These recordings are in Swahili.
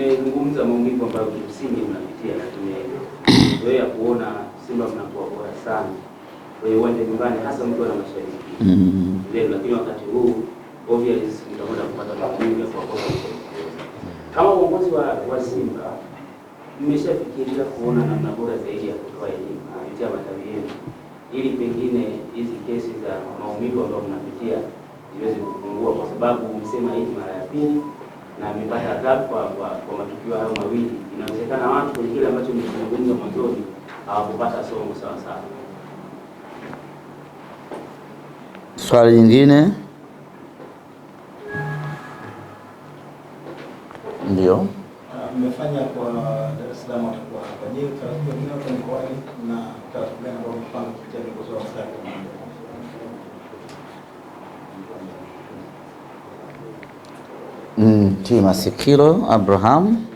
tumezungumza maumivu ambayo kimsingi mnapitia na ya kuona Simba mnakuwa bora sana kwenye uwanja nyumbani, hasa mkiwa na mashabiki mm-hmm. leo, lakini wakati huu obviously mtakwenda kupata maumivu ya kuwakosa kama uongozi wa, wa Simba mmeshafikiria kuona namna bora zaidi ya kutoa elimu kupitia matawi yenu ili pengine hizi kesi za maumivu ambayo mnapitia ziweze kupungua, kwa sababu msema hii mara ya pili na Mbeya adhabu kwa kwa, kwa matukio hayo mawili. Inawezekana watu kwenye kile ambacho nimezungumza mwanzoni hawakupata somo sawa sawa. Swali lingine ndio mmefanya kwa Dar es Salaam watakuwa hapa. Je, taratibu nyingine kwa mkoani na taratibu gani ambazo mmepanga kupitia mikoa ya Mbeya? mti masikilo Abraham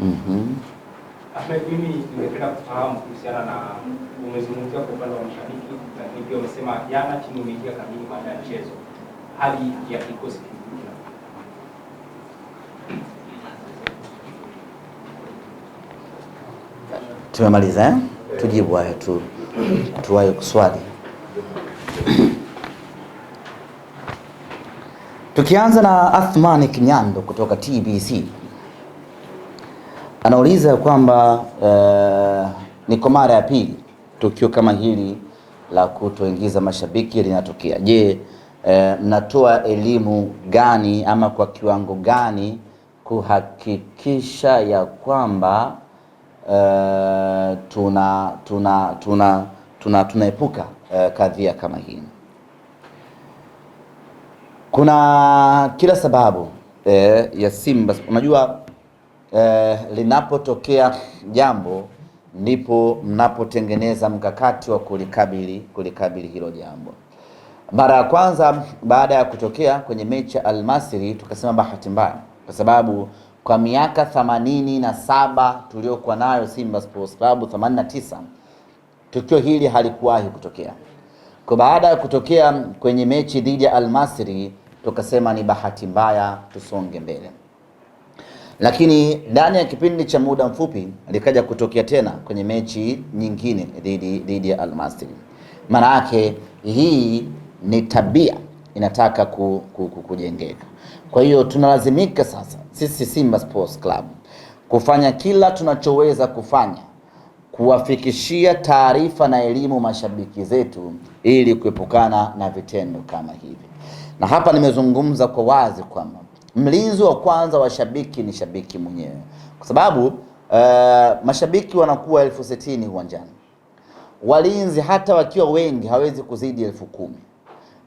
Mhm. Ahmed, mimi ningependa kufahamu kuhusiana na umezungumzia kwa upande wa mashabiki, lakini pia umesema jana timu imeingia kamili baada ya mchezo, hali ya kikosi tumemaliza eh? Tujibu hayo tu, tuwahi kuswali. Tukianza na Athmani Kinyando kutoka TBC. Anauliza kwamba uh, eh, ni kwa mara ya pili tukio kama hili la kutoingiza mashabiki linatokea. Je, eh, mnatoa elimu gani ama kwa kiwango gani kuhakikisha ya kwamba uh, tuna tuna tuna tuna tunaepuka uh, kadhia kama hii? Kuna kila sababu eh, ya Simba. Unajua eh, linapotokea jambo ndipo mnapotengeneza mkakati wa kulikabili kulikabili hilo jambo. Mara ya kwanza baada ya kutokea kwenye mechi ya Almasri tukasema bahati mbaya, kwa sababu kwa miaka themanini na saba tuliokuwa nayo Simba Sports Club, themanini na tisa, tukio hili halikuwahi kutokea. Kwa baada ya kutokea kwenye mechi dhidi ya Almasri tukasema ni bahati mbaya, tusonge mbele lakini ndani ya kipindi cha muda mfupi likaja kutokea tena kwenye mechi nyingine dhidi dhidi ya Almasri. Maana yake hii ni tabia inataka ku, ku, ku, kujengeka. Kwa hiyo tunalazimika sasa sisi Simba Sports Club kufanya kila tunachoweza kufanya kuwafikishia taarifa na elimu mashabiki zetu ili kuepukana na vitendo kama hivi, na hapa nimezungumza kwa wazi kwamba mlinzi wa kwanza wa shabiki ni shabiki mwenyewe, kwa sababu uh, mashabiki wanakuwa elfu sitini uwanjani, walinzi hata wakiwa wengi hawezi kuzidi elfu kumi.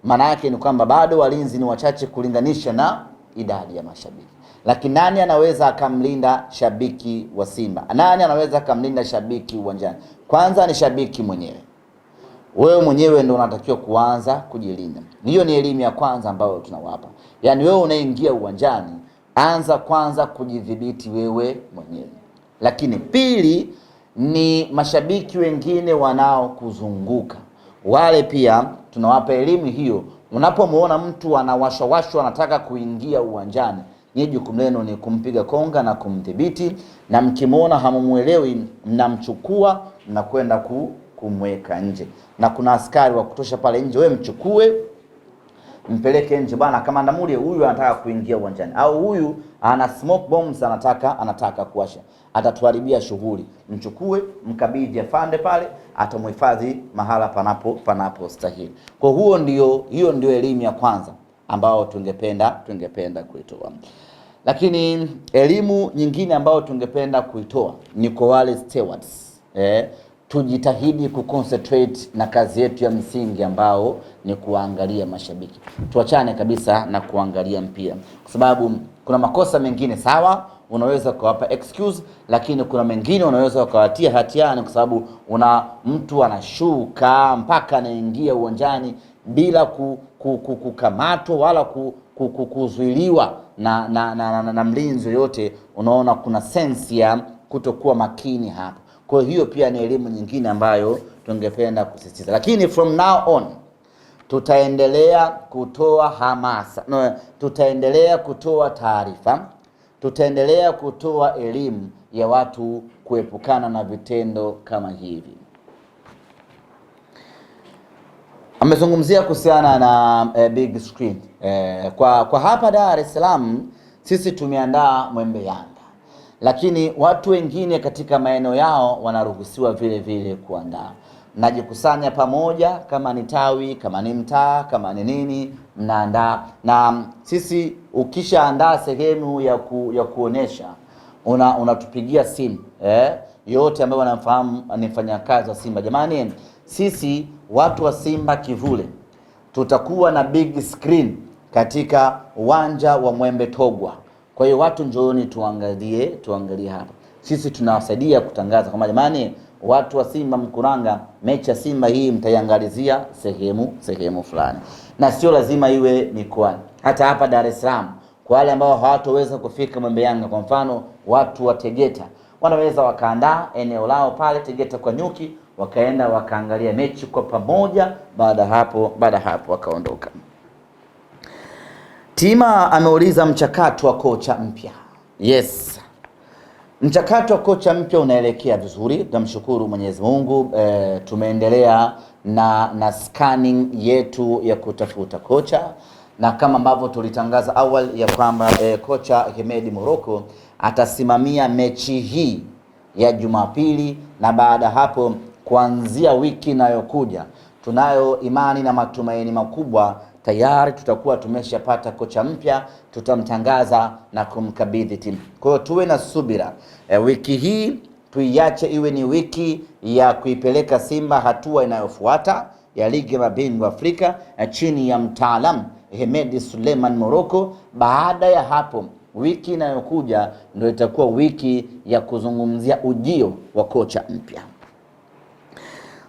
Maana yake ni kwamba bado walinzi ni wachache kulinganisha na idadi ya mashabiki. Lakini nani anaweza akamlinda shabiki wa Simba? Nani anaweza akamlinda shabiki uwanjani? Kwanza ni shabiki mwenyewe wewe mwenyewe ndio unatakiwa kuanza kujilinda. Hiyo ni elimu ya kwanza ambayo tunawapa, yaani wewe unaingia uwanjani, anza kwanza kujidhibiti wewe mwenyewe. Lakini pili ni mashabiki wengine wanaokuzunguka, wale pia tunawapa elimu hiyo. Unapomwona mtu anawashawashwa, anataka kuingia uwanjani, ni jukumu lenu ni kumpiga konga na kumdhibiti, na mkimwona hamumwelewi, mnamchukua mnakwenda ku kumweka nje, na kuna askari wa kutosha pale nje. Wewe mchukue mpeleke nje bwana, kamanda Murye, huyu anataka kuingia uwanjani, au huyu ana smoke bombs, anataka anataka kuwasha, atatuharibia shughuli. Mchukue mkabidhi afande pale, atamhifadhi mahala panapo panapo stahili. Kwa huo ndio, hiyo ndio elimu ya kwanza ambayo tungependa tungependa kuitoa, lakini elimu nyingine ambayo tungependa kuitoa ni kwa wale stewards eh tujitahidi kuconcentrate na kazi yetu ya msingi ambao ni kuwaangalia mashabiki. Tuachane kabisa na kuangalia mpira, kwa sababu kuna makosa mengine sawa, unaweza ukawapa excuse, lakini kuna mengine unaweza ukawatia hatiani, kwa sababu una mtu anashuka mpaka anaingia uwanjani bila kukamatwa wala kuzuiliwa na, na, na, na, na, na mlinzi yoyote. Unaona kuna sensi ya kutokuwa makini hapa. Kwa hiyo pia ni elimu nyingine ambayo tungependa kusisitiza, lakini from now on tutaendelea kutoa hamasa no, tutaendelea kutoa taarifa, tutaendelea kutoa elimu ya watu kuepukana na vitendo kama hivi. Amezungumzia kuhusiana na eh, big screen eh, kwa, kwa hapa Dar es Salaam sisi tumeandaa Mwembe Yanga lakini watu wengine katika maeneo yao wanaruhusiwa vile vile kuandaa. Mnajikusanya pamoja, kama ni tawi, kama ni mtaa, kama ni nini, mnaandaa. Na mm, sisi ukishaandaa sehemu ya, ku, ya kuonesha unatupigia una simu eh? yote ambayo wanamfahamu ni mfanyakazi wa Simba. Jamani, sisi watu wa Simba Kivule tutakuwa na big screen katika uwanja wa Mwembe Togwa. Kwa hiyo watu njooni, tuangalie tuangalie hapa, sisi tunawasaidia kutangaza kama jamani, watu wa Simba Mkuranga, mechi ya Simba hii mtaiangalizia sehemu sehemu fulani, na sio lazima iwe mikoani, hata hapa Dar es Salaam kwa wale ambao hawatoweza kufika Mwembe Yanga, kwa mfano watu wa Tegeta wanaweza wakaandaa eneo lao pale Tegeta kwa nyuki, wakaenda wakaangalia mechi kwa pamoja, baada hapo baada hapo wakaondoka. Tima ameuliza mchakato wa kocha mpya. Yes, mchakato wa kocha mpya unaelekea vizuri, tunamshukuru Mwenyezi Mungu. E, tumeendelea na, na scanning yetu ya kutafuta kocha na kama ambavyo tulitangaza awali ya kwamba e, kocha Hemedi Morocco atasimamia mechi hii ya Jumapili na baada hapo kuanzia wiki inayokuja tunayo imani na matumaini makubwa tayari tutakuwa tumeshapata kocha mpya, tutamtangaza na kumkabidhi timu. Kwa hiyo tuwe na subira e, wiki hii tuiache iwe ni wiki ya kuipeleka Simba hatua inayofuata ya ligi ya mabingwa Afrika eh, chini ya mtaalamu Hemedi Suleiman Moroko. Baada ya hapo wiki inayokuja ndio itakuwa wiki ya kuzungumzia ujio wa kocha mpya.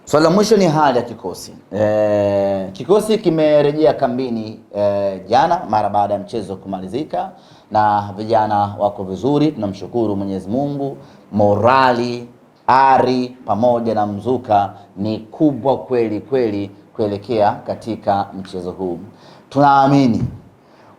Swali la mwisho ni hali ya kikosi e, kikosi kimerejea kambini e, jana mara baada ya mchezo kumalizika, na vijana wako vizuri, tunamshukuru Mwenyezi Mungu. Morali, ari pamoja na mzuka ni kubwa kweli kweli kuelekea katika mchezo huu. Tunaamini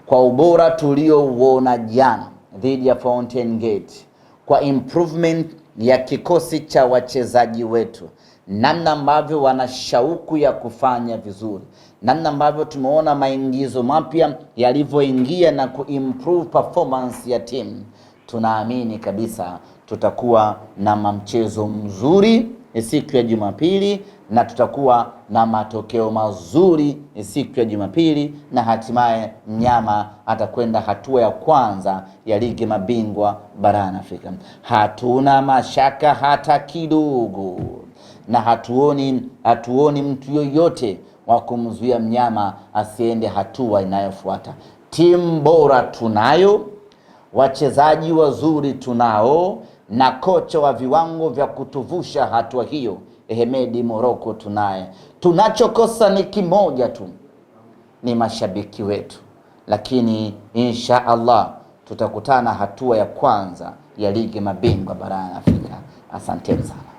kwa ubora tuliouona jana dhidi ya Fountain Gate, kwa improvement ya kikosi cha wachezaji wetu namna ambavyo wana shauku ya kufanya vizuri, namna ambavyo tumeona maingizo mapya yalivyoingia na kuimprove performance ya timu. Tunaamini kabisa tutakuwa na mchezo mzuri eh, siku ya Jumapili na tutakuwa na matokeo mazuri siku ya Jumapili, na hatimaye mnyama atakwenda hatua ya kwanza ya ligi mabingwa barani Afrika. Hatuna mashaka hata kidogo, na hatuoni hatuoni mtu yoyote wa kumzuia mnyama asiende hatua inayofuata. Timu bora tunayo, wachezaji wazuri tunao, na kocha wa viwango vya kutuvusha hatua hiyo Hemedi Moroko tunaye. Tunachokosa ni kimoja tu, ni mashabiki wetu, lakini insha Allah tutakutana hatua ya kwanza ya ligi mabingwa barani Afrika. Asanteni sana.